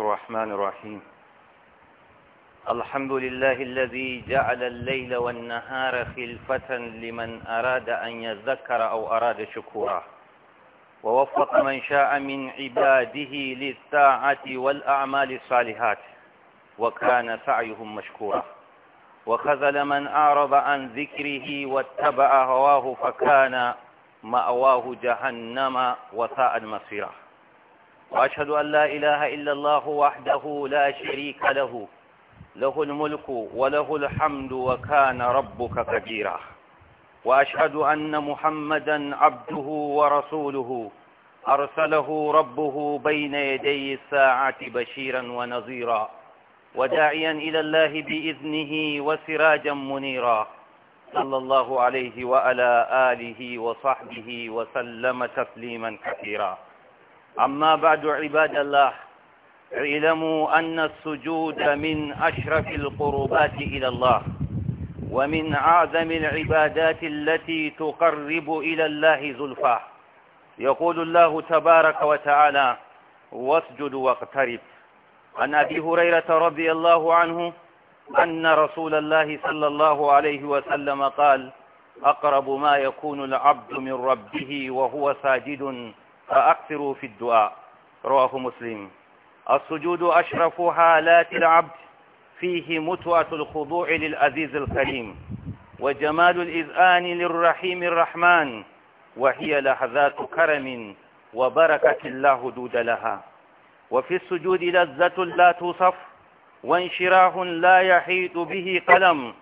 الرحمن الرحيم الحمد لله الذي جعل الليل والنهار خلفة لمن أراد أن يذكر أو أراد شكورا ووفق من شاء من عباده للساعة والأعمال الصالحات وكان سعيهم مشكورا وخذل من أعرض عن ذكره واتبع هواه فكان مأواه جهنم وساء مصيره وأشهد أن لا إله إلا الله وحده لا شريك له له الملك وله الحمد وكان ربك كبيرا وأشهد أن محمدا عبده ورسوله أرسله ربه بين يدي الساعة بشيرا ونظيرا وداعيا إلى الله بإذنه وسراجا منيرا صلى الله عليه وعلى آله وصحبه وسلم تسليما كثيرا أما بعد عباد الله اعلموا أن السجود من أشرف القربات إلى الله ومن أعظم العبادات التي تقرب إلى الله زلفى يقول الله تبارك وتعالى واسجد واقترب عن أبي هريرة رضي الله عنه أن رسول الله صلى الله عليه وسلم قال أقرب ما يكون العبد من ربه وهو ساجد فأكثروا في الدعاء رواه مسلم السجود أشرف حالات العبد فيه متوة الخضوع للعزيز الكريم وجمال الإذآن للرحيم الرحمن وهي لحظات كرم وبركة لا حدود لها وفي السجود لذة لا توصف وانشراح لا يحيط به قلم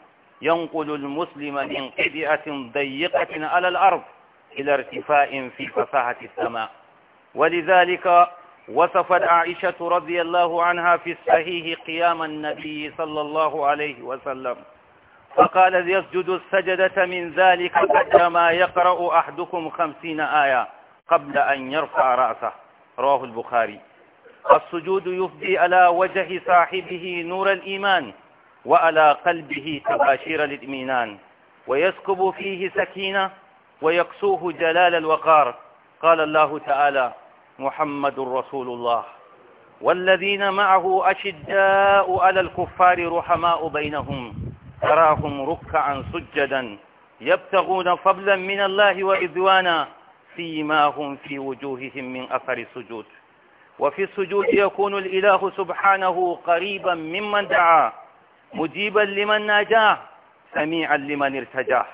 ينقل المسلم من قدئة ضيقة على الأرض إلى ارتفاع في فصاحة السماء ولذلك وصفت عائشة رضي الله عنها في الصحيح قيام النبي صلى الله عليه وسلم فقال يسجد السجدة من ذلك كما ما يقرأ أحدكم خمسين آية قبل أن يرفع رأسه رواه البخاري السجود يفضي على وجه صاحبه نور الإيمان وعلى قلبه تباشير الإيمان ويسكب فيه سكينة ويقسوه جلال الوقار قال الله تعالى محمد رسول الله والذين معه أشداء على الكفار رحماء بينهم تراهم ركعا سجدا يبتغون فضلا من الله وإذوانا فيما هم في وجوههم من أثر السجود وفي السجود يكون الإله سبحانه قريبا ممن دعا مجيبا لمن ناجاه سميعا لمن ارتجاه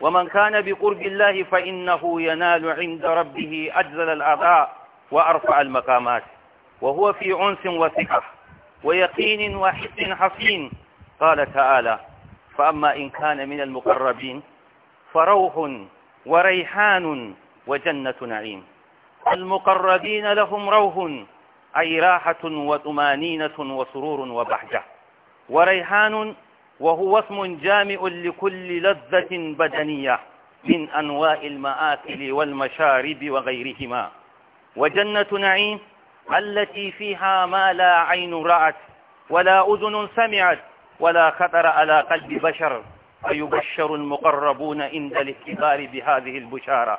ومن كان بقرب الله فإنه ينال عند ربه أجزل الأعضاء وأرفع المقامات وهو في عنس وثقة ويقين وحس حصين قال تعالى فأما إن كان من المقربين فروح وريحان وجنة نعيم المقربين لهم روح أي راحة وطمانينة وسرور وبهجة وريحان وهو اسم جامع لكل لذة بدنية من أنواع المآكل والمشارب وغيرهما وجنة نعيم التي فيها ما لا عين رأت ولا أذن سمعت ولا خطر على قلب بشر فيبشر المقربون عند الاختبار بهذه البشارة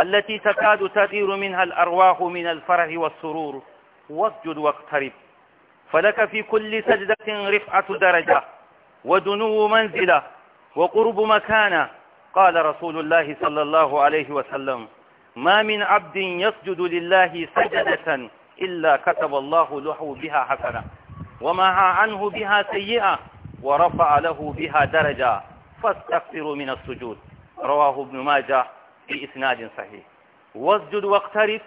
التي تكاد تدير منها الأرواح من الفرح والسرور واسجد واقترب فلك في كل سجدة رفعة درجة ودنو منزله وقرب مكانه قال رسول الله صلى الله عليه وسلم ما من عبد يسجد لله سجدة إلا كتب الله له بها حسنة ومعى عنه بها سيئة ورفع له بها درجة فاستغفروا من السجود رواه ابن ماجه في إسناد صحيح واسجد واقترف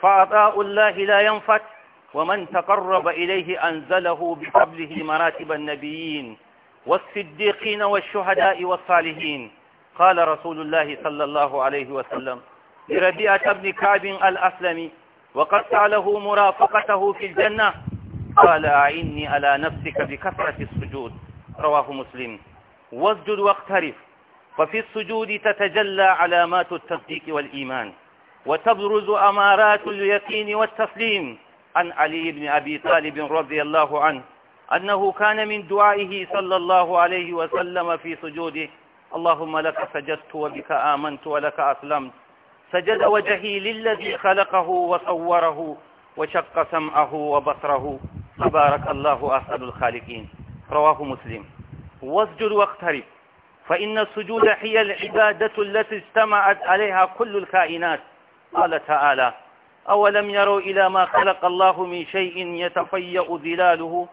فعطاء الله لا ينفت ومن تقرب إليه أنزله بقبله مراتب النبيين والصديقين والشهداء والصالحين قال رسول الله صلى الله عليه وسلم لربيعة بن كعب الأسلمي وقد سأله مرافقته في الجنة قال أعني على نفسك بكثرة السجود رواه مسلم واسجد واقترف ففي السجود تتجلى علامات التصديق والإيمان وتبرز أمارات اليقين والتسليم عن علي بن أبي طالب رضي الله عنه أنه كان من دعائه صلى الله عليه وسلم في سجوده اللهم لك سجدت وبك آمنت ولك أسلمت سجد وجهي للذي خلقه وصوره وشق سمعه وبصره تبارك الله أسأل الخالقين رواه مسلم واسجد واقترب فإن السجود هي العبادة التي اجتمعت عليها كل الكائنات قال تعالى أولم يروا إلى ما خلق الله من شيء يتفيأ ظلاله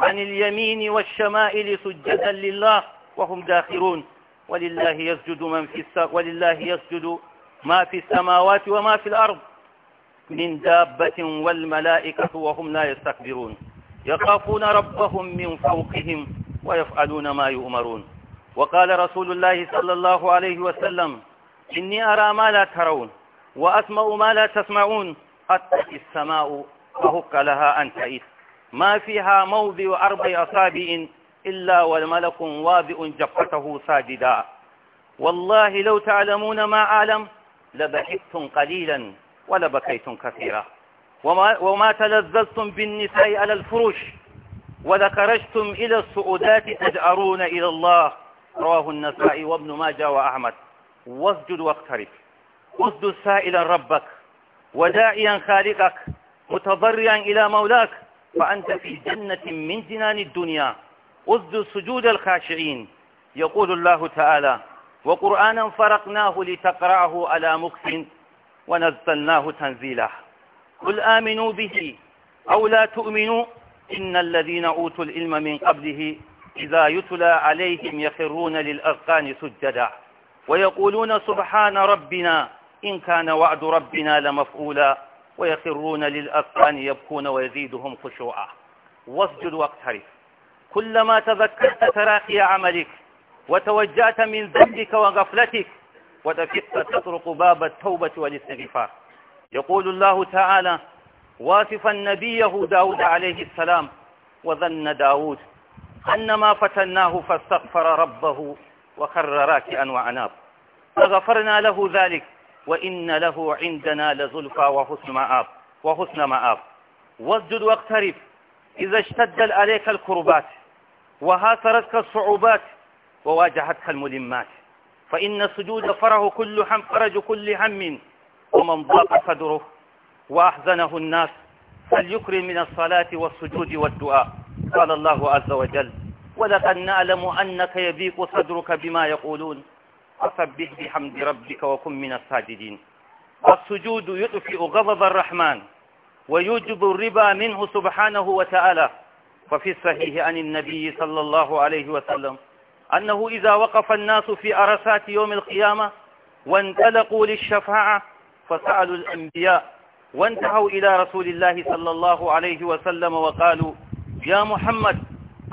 عن اليمين والشمائل سجدا لله وهم داخرون ولله يسجد من في ولله يسجد ما في السماوات وما في الأرض من دابة والملائكة وهم لا يستكبرون يخافون ربهم من فوقهم ويفعلون ما يؤمرون وقال رسول الله صلى الله عليه وسلم إني أرى ما لا ترون وأسمع ما لا تسمعون أتت السماء فهك لها أن تئس ما فيها موضع أربع أصابع إلا والملك واضع جفته ساجدا والله لو تعلمون ما أعلم لبحثتم قليلا ولبكيتم كثيرا وما, وما تلذذتم بالنساء على الفروش ولخرجتم إلى السعودات تجأرون إلى الله رواه النسائي وابن ماجه وأحمد واسجد واقترب اسجد سائلا ربك وداعيا خالقك متضرعا إلى مولاك فأنت في جنة من جنان الدنيا أذ سجود الخاشعين يقول الله تعالى وقرآنا فرقناه لتقرأه على مكس ونزلناه تنزيلا قل آمنوا به أو لا تؤمنوا إن الذين أوتوا العلم من قبله إذا يتلى عليهم يخرون للأذقان سجدا ويقولون سبحان ربنا إن كان وعد ربنا لمفعولا ويخرون للأفقان يبكون ويزيدهم خشوعا واسجد واقترف كلما تذكرت تراقي عملك وتوجأت من ذنبك وغفلتك ودفقت تطرق باب التوبة والاستغفار يقول الله تعالى واصفا نبيه داود عليه السلام وظن داود أن ما فتناه فاستغفر ربه وخر راكئا وعناب فغفرنا له ذلك وإن له عندنا لزلفى وحسن مآب وحسن مآب واسجد واقترب إذا اشتد عليك الكربات وهاثرتك الصعوبات وواجهتك الملمات فإن السجود فره كل هم فرج كل هم ومن ضاق صدره وأحزنه الناس فليكرم من الصلاة والسجود والدعاء قال الله عز وجل ولقد نعلم أنك يضيق صدرك بما يقولون فسبح بحمد ربك وكن من الساجدين السجود يطفئ غضب الرحمن ويوجب الربا منه سبحانه وتعالى وفي الصحيح عن النبي صلى الله عليه وسلم أنه إذا وقف الناس في أرسات يوم القيامة وانطلقوا للشفاعة فسألوا الأنبياء وانتهوا إلى رسول الله صلى الله عليه وسلم وقالوا يا محمد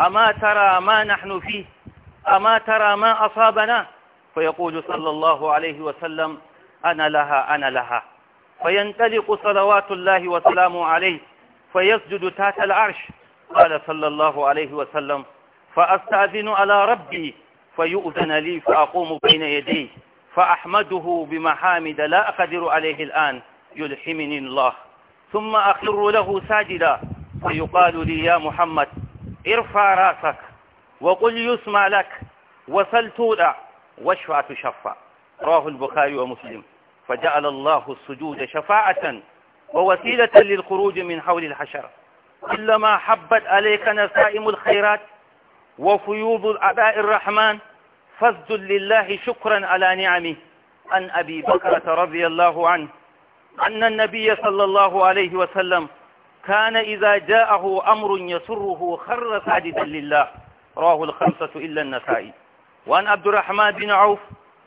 أما ترى ما نحن فيه أما ترى ما أصابنا فيقول صلى الله عليه وسلم أنا لها أنا لها فينطلق صلوات الله وسلامه عليه فيسجد تحت العرش قال صلى الله عليه وسلم فأستأذن على ربي فيؤذن لي فأقوم بين يديه فأحمده بمحامد لا أقدر عليه الآن يلحمني الله ثم أخر له ساجدا فيقال لي يا محمد ارفع راسك وقل يسمع لك وسل تودع والشفعة تشفع رواه البخاري ومسلم فجعل الله السجود شفاعة ووسيلة للخروج من حول الحشرة كلما حبت عليك نسائم الخيرات وفيوض الأباء الرحمن فزد لله شكرا على نعمه عن أبي بكرة رضي الله عنه أن النبي صلى الله عليه وسلم كان إذا جاءه أمر يسره خر ساجدا لله راه الخمسة إلا النسائي وأن عبد الرحمن بن عوف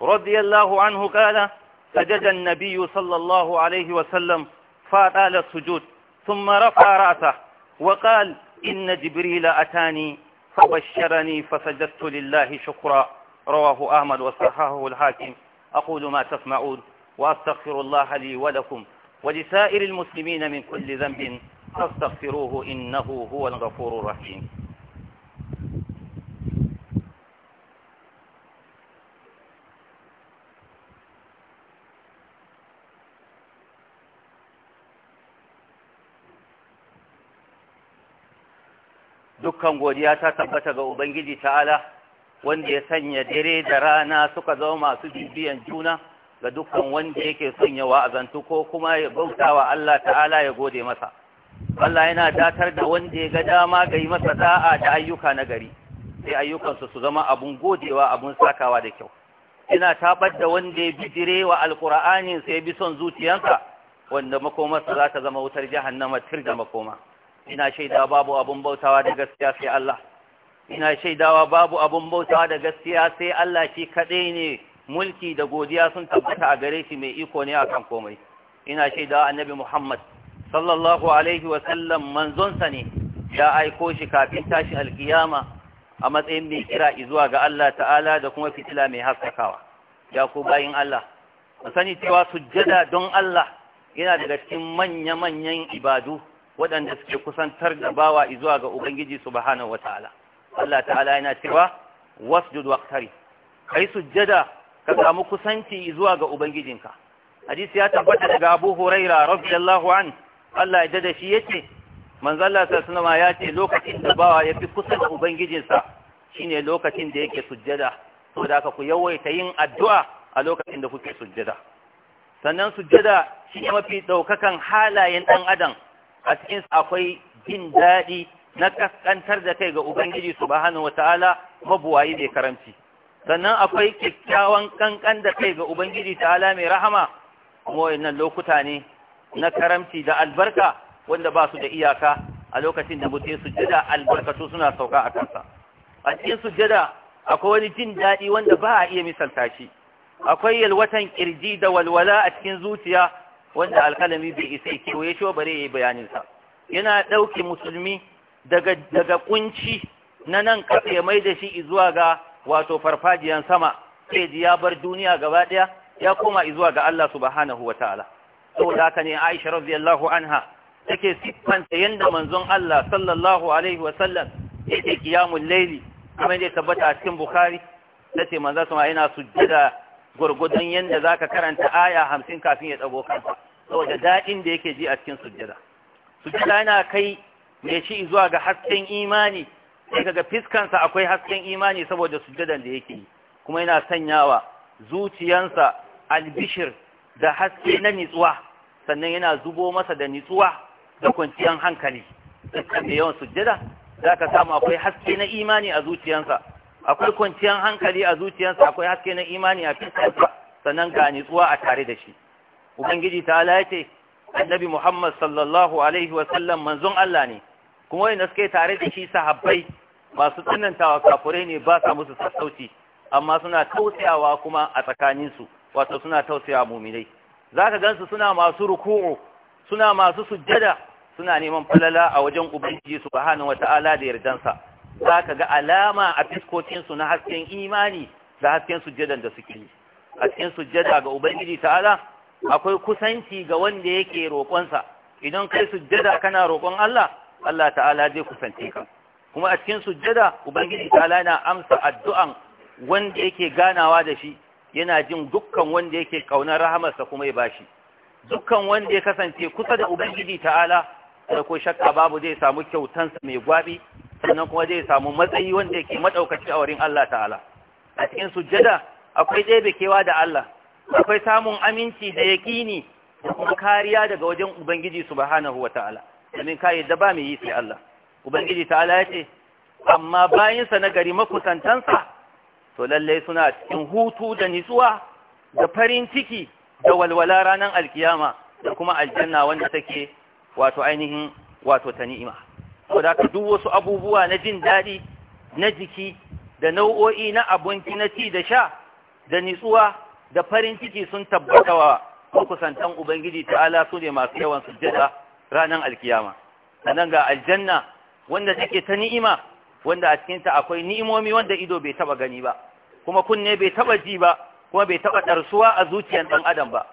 رضي الله عنه قال سجد النبي صلى الله عليه وسلم فأطال السجود ثم رفع رأسه وقال إن جبريل أتاني فبشرني فسجدت لله شكرا رواه أحمد وصححه الحاكم أقول ما تسمعون وأستغفر الله لي ولكم ولسائر المسلمين من كل ذنب فاستغفروه إنه هو الغفور الرحيم dukkan godiya ta tabbata ga Ubangiji ta'ala wanda ya sanya dare da rana suka zama masu bibiyan juna ga dukkan wanda yake sanya wa'azantu ko kuma ya bautawa Allah ta'ala ya gode masa. Allah yana datar da wanda ya ga dama ga yi masa da'a da ayyuka na gari, sai ayyukansu su zama abun godewa abun sakawa da kyau. Ina tabar da wanda ya bi wa Alƙur'ani sai bi son zuciyarsa, wanda makomarsa za ta zama wutar jahannama tir da makoma. ina shaidawa babu abun bautawa da gaskiya sai Allah ina shaidawa babu abun bautawa da gaskiya sai Allah shi kadai ne mulki da godiya sun tabbata a gare shi mai iko ne akan komai ina shaidawa annabi Muhammad sallallahu alaihi wa sallam manzon sa ne ya aiko shi kafin tashi alkiyama a matsayin mai kira zuwa ga Allah ta'ala da kuma fitila mai haskakawa ya ku bayin Allah sani cewa sujjada don Allah yana daga cikin manya-manyan ibadu waɗanda suke kusantar da bawa zuwa ga ubangiji subhanahu wataala Allah ta'ala yana cewa wasjud waqtari kai sujjada ka samu kusanci zuwa ga ubangijinka hadisi ya tabbata daga Abu Huraira radiyallahu an Allah ya dada shi yace manzo Allah sallallahu alaihi ya ce lokacin da bawa yafi kusa da ubangijinsa shine lokacin da yake sujjada saboda ka ku yawaita yin addu'a a lokacin da kuke sujjada sannan sujjada shine mafi daukakan halayen dan adam a cikin akwai jin daɗi na kaskantar da kai ga ubangiji subhanahu wataala mabuwayi mai karamci sannan akwai kyakkyawan kankan da kai ga ubangiji ta'ala mai rahama kuma lokuta ne na karamci da albarka wanda ba su da iyaka a lokacin da mutum albarka albarkatu suna sauka a kansa a cikin sujjada akwai wani jin daɗi wanda ba a iya misalta shi akwai yalwatan kirji da walwala a cikin zuciya wanda alkalami bai isa ya kewaye bare ya yi bayaninsa yana ɗauke musulmi daga daga kunci na nan ƙasa ya mai da shi zuwa ga wato farfajiyan sama sai ji ya bar duniya gaba ɗaya ya koma zuwa ga Allah subhanahu wa ta'ala saboda haka ne Aisha radiyallahu anha take ta yanda manzon Allah sallallahu alaihi Wasallam yake kiyamul layli kuma yake tabbata a cikin Bukhari tace manzo sama yana sujjada gurgudun yanda zaka karanta aya 50 kafin ya dago kansa saboda daɗin da yake ji a cikin sujjada sujjada yana kai me shi zuwa ga hasken imani sai kaga fiskansa akwai hasken imani saboda sujjadan da yake yi kuma yana sanyawa zuciyansa albishir da haske na nitsuwa sannan yana zubo masa da nitsuwa da kwanciyar hankali dukkan da yawan sujjada za ka samu akwai haske na imani a zuciyansa akwai kwanciyar hankali a zuciyansa akwai haske na imani a fiskansa sannan ga nitsuwa a tare da shi ubangiji ta ce annabi Muhammad sallallahu alaihi wa manzon Allah ne kuma wani suke tare da shi sahabbai masu tsanantawa kafurai ne ba sa musu sassauci amma suna tausayawa kuma a tsakaninsu wato suna tausaya muminai zaka gansu suna masu ruku'u suna masu sujjada suna neman falala a wajen ubangiji subhanahu wata'ala da yardansa zaka ga alama a fiskokin na hasken imani da hasken sujjadan da suke yi a cikin sujjada ga ubangiji ta'ala akwai kusanci ga wanda yake roƙonsa idan kai sujjada kana roƙon Allah Allah ta'ala zai kusance ka kuma a cikin sujjada ubangiji ta'ala yana amsa addu'an wanda yake ganawa da shi yana jin dukkan wanda yake kaunar sa kuma ya bashi dukkan wanda ya kasance kusa da ubangiji ta'ala da ko shakka babu zai samu kyautansa mai gwabi sannan kuma zai samu matsayi wanda yake madaukaci a wurin Allah ta'ala a cikin sujjada akwai ɗebe kewa da Allah akwai samun aminci da yaƙini da kuma kariya daga wajen ubangiji subhanahu ta'ala. domin ka da ba mai yi sai Allah ubangiji ta'ala ya ce amma bayansa na gari makusantansa to lallai suna cikin hutu da nitsuwa da farin ciki da walwala ranar alkiyama da kuma aljanna wanda take wato ainihin wato ta ni'ima saboda haka duk wasu abubuwa na jin daɗi na jiki da nau'o'i na abinci na ci da sha da nitsuwa da farin ciki sun tabbata wa kusantan ubangiji ta'ala su ne masu yawan sujjada ranar alkiyama sannan ga aljanna wanda take ta ni'ima wanda a cikinta akwai ni'imomi wanda ido bai taba gani ba kuma kunne bai taba ji ba kuma bai taba ɗarsuwa a zuciyar ɗan adam ba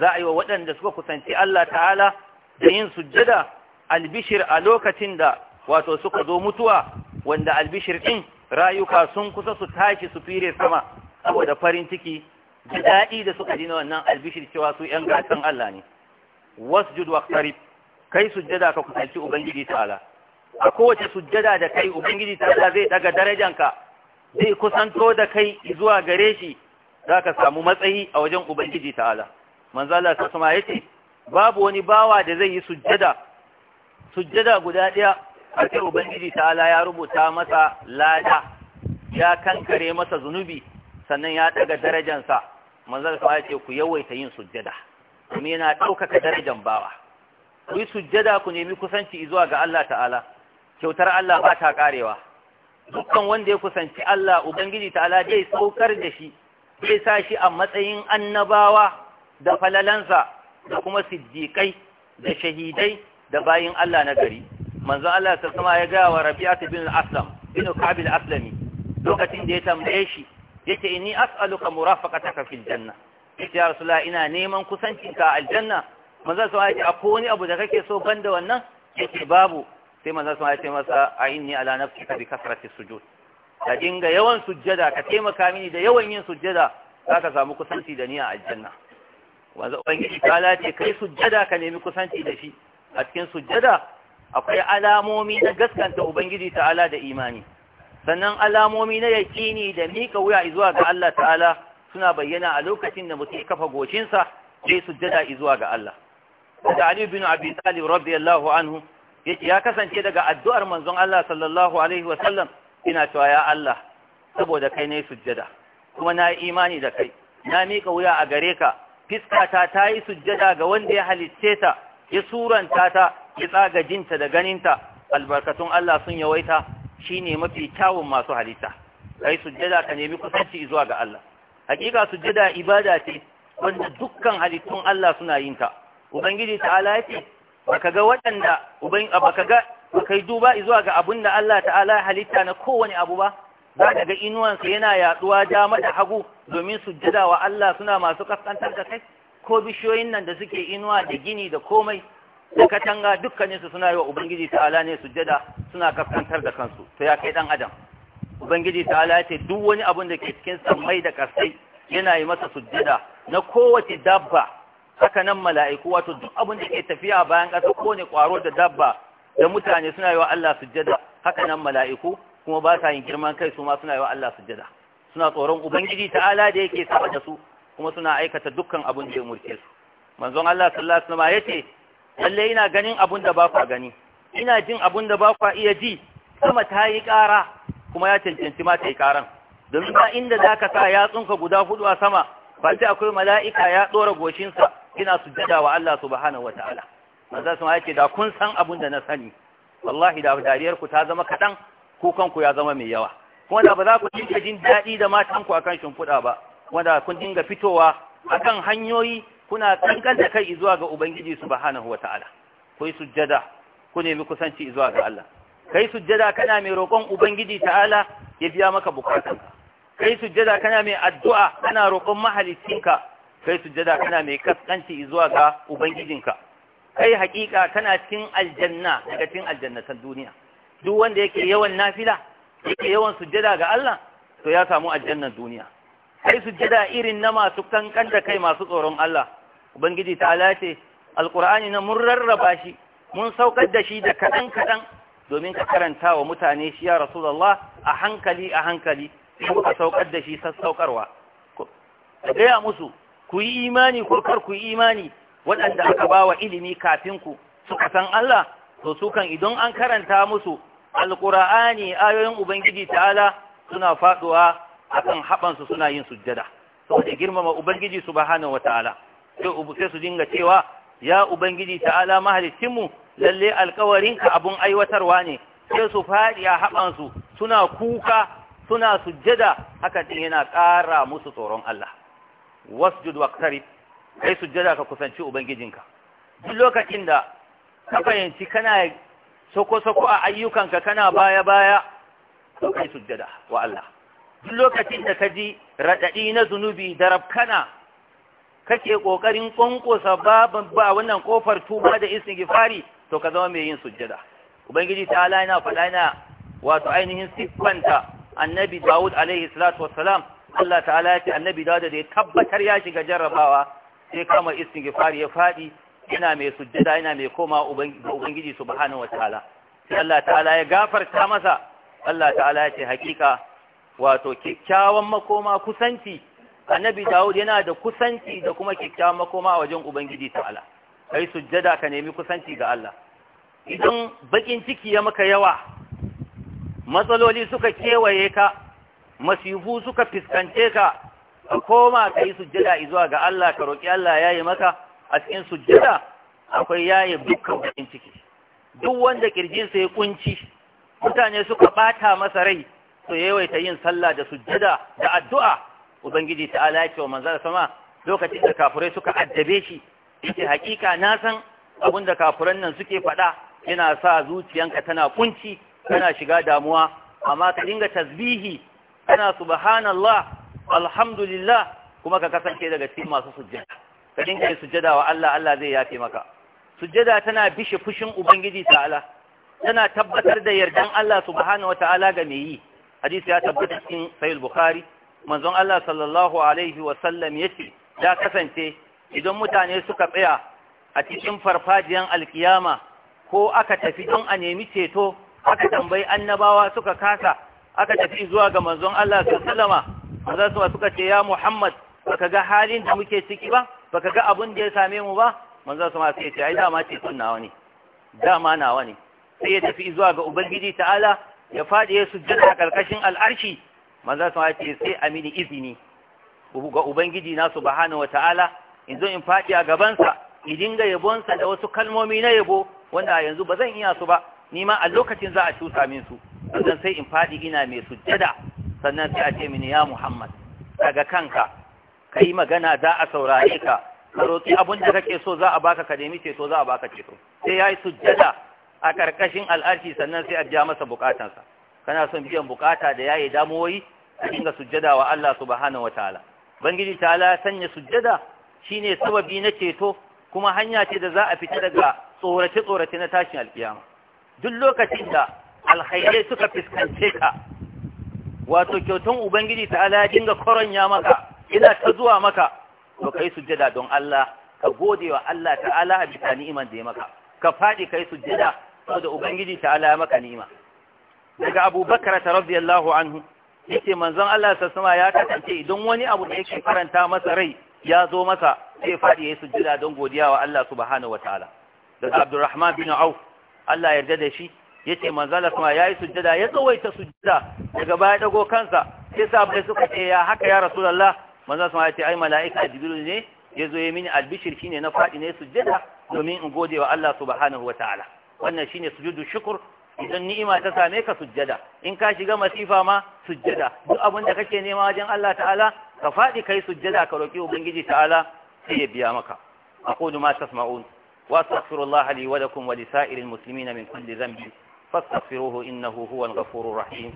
za a yi wa waɗanda suka kusanci Allah ta'ala da yin sujjada albishir a lokacin da wato suka zo mutuwa wanda albishir ɗin rayuka sun kusa su tashi su fire sama saboda farin ciki da daɗi da suka ji wannan albishir cewa su ‘yan gatan Allah ne, wasjud wa ƙarif, kai sujjada ka kusanci Ubangiji ta'ala, a kowace sujjada da kai Ubangiji ta'ala zai daga darajanka, zai kusanto da kai zuwa gare shi za ka samu matsayi a wajen Ubangiji ta'ala. Manzala ta sama ya babu wani bawa da zai yi sujjada, sujjada guda ɗaya a sai Ubangiji ta'ala ya rubuta masa lada, ya kankare masa zunubi, sannan ya daga darajansa manzon sa ce ku yawaita yin sujjada kuma yana ɗaukaka darajan bawa ku yi sujjada ku nemi kusanci zuwa ga Allah ta'ala kyautar Allah ba ta karewa dukkan wanda ya kusanci Allah ubangiji ta'ala zai saukar da shi zai sa shi a matsayin annabawa da falalansa da kuma siddiƙai da shahidai da bayin Allah na gari manzo Allah ta sama ya gaya wa Rabi'atu bin aslam bin Qabil Aslami lokacin da ya tambaye shi yace inni as'aluka murafaqataka fil janna yace ya rasulullah ina neman kusancinka a aljanna manzon sa yace akwai wani abu da kake so banda wannan yace babu sai manzon sa yace masa a inni ala nafsika bi kasrati sujud ka dinga yawan sujjada ka taimaka mini da yawan yin sujjada zaka samu kusanci da ni a aljanna wanda ubangiji ta ce kai sujjada ka nemi kusanci da shi a cikin sujjada akwai alamomi na gaskanta ubangiji ta'ala da imani sannan alamomi na yakini da miƙa wuya izuwa ga Allah ta'ala suna bayyana a lokacin da mutum kafa gocinsa sai sujjada zuwa ga Allah da Ali bin Abi Talib radiyallahu anhu yake ya kasance daga addu'ar manzon Allah sallallahu alaihi wa sallam ina cewa ya Allah saboda kai na yi sujjada kuma na imani da kai na mika wuya a gare ka fiskata ta yi sujjada ga wanda ya halicce ta ya suranta ta ya tsaga jinta da ganinta albarkatun Allah sun yawaita ne mafi kyawun masu halitta kai sujjada ka nemi kusanci zuwa ga Allah hakika sujjada ibada ce wanda dukkan halittun Allah suna yin ta ubangiji ta'ala yake baka ga waɗanda uban baka ga baka duba zuwa ga abin da Allah ta'ala Ya halitta na kowane abu ba za ka ga inuwansa yana yaduwa dama da hagu domin sujjada wa Allah suna masu kaskantar da kai ko bishiyoyin nan da suke inuwa da gini da komai da katanga dukkaninsu suna yi wa ubangiji ta'ala ne sujjada suna kaskantar da kansu to ya kai dan adam ubangiji ta'ala ya ce duk wani abin da ke cikin samai da kasai yana yi masa sujjada na kowace dabba haka nan mala'iku wato duk abin da ke tafiya bayan ƙasa ko ne ƙwaro da dabba da mutane suna yi wa Allah sujjada haka nan mala'iku kuma ba sa yin girman kai su ma suna yi wa Allah sujjada suna tsoron ubangiji ta'ala da yake saba da su kuma suna aikata dukkan abin da ya murke su manzon Allah sallallahu alaihi wasallam ya ce lalle ina ganin abun da ba kwa gani ina jin abun da ba kwa iya ji sama ta yi ƙara kuma ya cancanci ma ta yi ƙaran domin ba inda za ka sa ya tsunka guda hudu a sama ba sai akwai mala'ika ya ɗora goshinsa ina jada wa Allah subhanahu wata'ala manzo sun ce da kun san abun da na sani wallahi da dariyar ku ta zama kaɗan ko kanku ya zama mai yawa kuma da ba za ku dinga jin daɗi da matanku akan shimfiɗa ba wanda kun dinga fitowa akan hanyoyi kuna kankan da kai izuwa ga ubangiji subhanahu wataala ku yi sujjada ku nemi kusanci izuwa ga Allah kai sujjada kana mai roƙon ubangiji ta'ala ya biya maka bukatanka kai sujjada kana mai addu'a kana roƙon mahalicinka kai sujjada kana mai kaskanci izuwa ga ubangijinka kai haƙiƙa kana cikin aljanna daga cikin aljannatan duniya duk wanda yake yawan nafila yake yawan sujjada ga Allah to ya samu aljannan duniya kai sujjada irin na masu kankan da kai masu tsoron Allah ubangiji ta alace alkur'ani na mun rarraba shi mun saukar da shi da kaɗan kaɗan domin ka karanta wa mutane shi ya rasulullah a hankali a hankali ko ka saukar da shi sassaukarwa ka gaya musu ku yi imani ko kar ku yi imani waɗanda aka ba wa ilimi kafin ku suka san Allah to su kan idan an karanta musu alkur'ani ayoyin ubangiji ta'ala suna faɗuwa akan haɓansu suna yin sujjada saboda girmama ubangiji wa ta'ala. sai su dinga cewa ya ubangiji ta'ala mahalicinmu lalle alkawarinka abun aiwatarwa ne sai su faɗi a haɓansu suna kuka suna sujjada Haka ɗin yana ƙara musu tsoron Allah wasjud waqtarib kai sujjada ka kusanci ubangijinka duk lokacin da ka fahimci kana soko-soko a ayyukanka kana baya-baya to kai sujjada wa Allah duk lokacin da ka ji raɗaɗi na zunubi da rabkana kake kokarin konkosa baban ba wannan kofar tuba da istighfari to ka zama mai yin sujjada ubangiji ta ala yana faɗa yana wato ainihin siffanta annabi Dawud alaihi salatu wassalam Allah ta'ala ya ce annabi Dawud da ya tabbatar ya shiga jarrabawa sai kama istighfar ya faɗi, yana mai sujjada yana mai koma ubangiji subhanahu wataala sai Allah ta'ala ya gafarta masa Allah ta'ala ya ce hakika wato kyakkyawan makoma kusanci annabi dawud yana da kusanci da kuma kyakkyawan makoma a wajen ubangiji ta'ala kai sujjada ka nemi kusanci ga Allah idan bakin ciki ya maka yawa matsaloli suka kewaye ka masifu suka fiskance ka ka koma ka yi sujjada izuwa ga Allah ka roƙi Allah ya yi maka a cikin sujjada akwai yaye dukkan bakin ciki duk wanda kirjinsa ya kunci mutane suka ɓata masa rai to yawaita yin sallah da sujjada da addu'a ubangiji ta ala yake wa manzara sama lokacin da kafurai suka addabe shi yace hakika na san abin da kafuran nan suke faɗa yana sa zuciyanka tana kunci kana shiga damuwa amma ka dinga tasbihi kana subhanallah alhamdulillah kuma ka kasance daga cikin masu sujjada ka dinga yi sujjada wa Allah Allah zai yafe maka sujjada tana bishe fushin ubangiji ta'ala tana tabbatar da yardan Allah subhanahu ta'ala ga mai yi hadisi ya tabbata cikin sahih bukhari manzon Allah sallallahu alaihi wasallam ya ce ya kasance idan mutane suka tsaya a cikin farfajiyan alkiyama ko aka tafi don a nemi ceto aka tambayi annabawa suka kasa aka tafi zuwa ga manzon Allah sallama manzon sama suka ce ya Muhammad baka ga halin da muke ciki ba baka ga abun da ya same mu ba manzon sama sai ya ce ai dama ce sunna wani dama nawa ne sai ya tafi zuwa ga ubangiji ta'ala ya faɗi ya sujjada ƙarƙashin al'arshi manzo sun ce sai amini izini ga ubangiji na subhanahu wataala in zo in fadi a gabansa in dinga yabonsa da wasu kalmomi na yabo wanda yanzu bazan zan iya su ba ni ma a lokacin za a cusa min su sannan sai in fadi ina mai sujjada sannan sai a ce mini ya Muhammad daga kanka ka magana za a saurare ka ka abin da kake so za a baka ka nemi ceto za a baka ceto sai yayi sujjada a ƙarƙashin al'arshi sannan sai a biya masa bukatansa kana son biyan bukata da yayi damuwoyi a dinga sujjada wa Allah subhanahu wataala bangiji ta'ala sanya sujjada shine sababi na ceto kuma hanya ce da za a fita daga tsorace tsorace na tashin alkiyama duk lokacin da alkhairai suka fiskance ka wato kyautan ubangiji ta'ala ya dinga koronya maka ina ta zuwa maka to kai sujjada don Allah ka gode wa Allah ta'ala a bisa ni'imar da ya maka ka faɗi kai sujjada saboda ubangiji ta'ala ya maka ni'ima daga Abu Bakar radiyallahu anhu yace manzon Allah sama ya kasance idan wani abu da yake faranta masa rai ya zo masa sai fadi yi sujjada don godiya wa Allah subhanahu ta'ala daga Abdurrahman bin Auf Allah yarda da shi yace manzon Allah ya yi sujjada ya tsawaita sujjada daga baya dago kansa sai sahabbai suka ce ya haka ya Rasulullah manzon Allah ce ai mala'ika Jibril ne ya zo ya mini albishir ne na fadi ne sujjada domin in gode wa Allah subhanahu ta'ala wannan shine sujudu shukur. idan ni'ima ta same ka sujjada in ka shiga masifa ma sujjada duk abin da kake nema wajen Allah ta'ala ka faɗi kai sujjada ka roki ubangiji ta'ala sai ya biya maka aqulu ma tasma'un wa astaghfirullah li wa lakum wa li sa'iril muslimina min kulli dhanbi fastaghfiruhu innahu huwal ghafurur rahim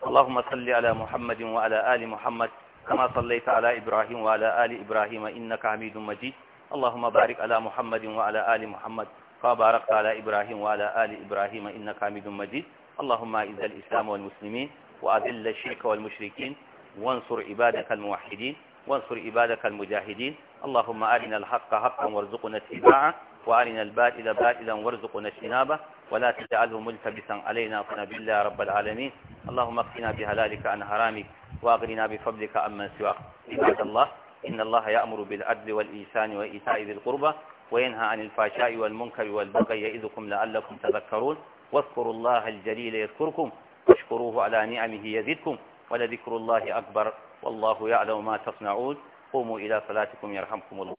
اللهم صل على محمد وعلى آل محمد كما صليت على إبراهيم وعلى آل إبراهيم إنك حميد مجيد اللهم بارك على محمد وعلى آل محمد فباركت على إبراهيم وعلى آل إبراهيم إنك حميد مجيد اللهم أعز الإسلام والمسلمين وأذل الشرك والمشركين وانصر عبادك الموحدين وانصر عبادك المجاهدين اللهم أرنا الحق حقا وارزقنا اتباعه وأرنا الباطل باطلا وارزقنا اجتنابه ولا تجعله ملتبسا علينا فنبل يا رب العالمين اللهم اقنا بهلالك عن حرامك واغننا بفضلك عمن سواك عباد الله إن الله يأمر بالعدل والإيسان وإيتاء ذي القربى وينهى عن الفحشاء والمنكر والبغي يعظكم لعلكم تذكرون واذكروا الله الجليل يذكركم واشكروه على نعمه يزدكم ولذكر الله أكبر والله يعلم ما تصنعون قوموا إلى صلاتكم يرحمكم الله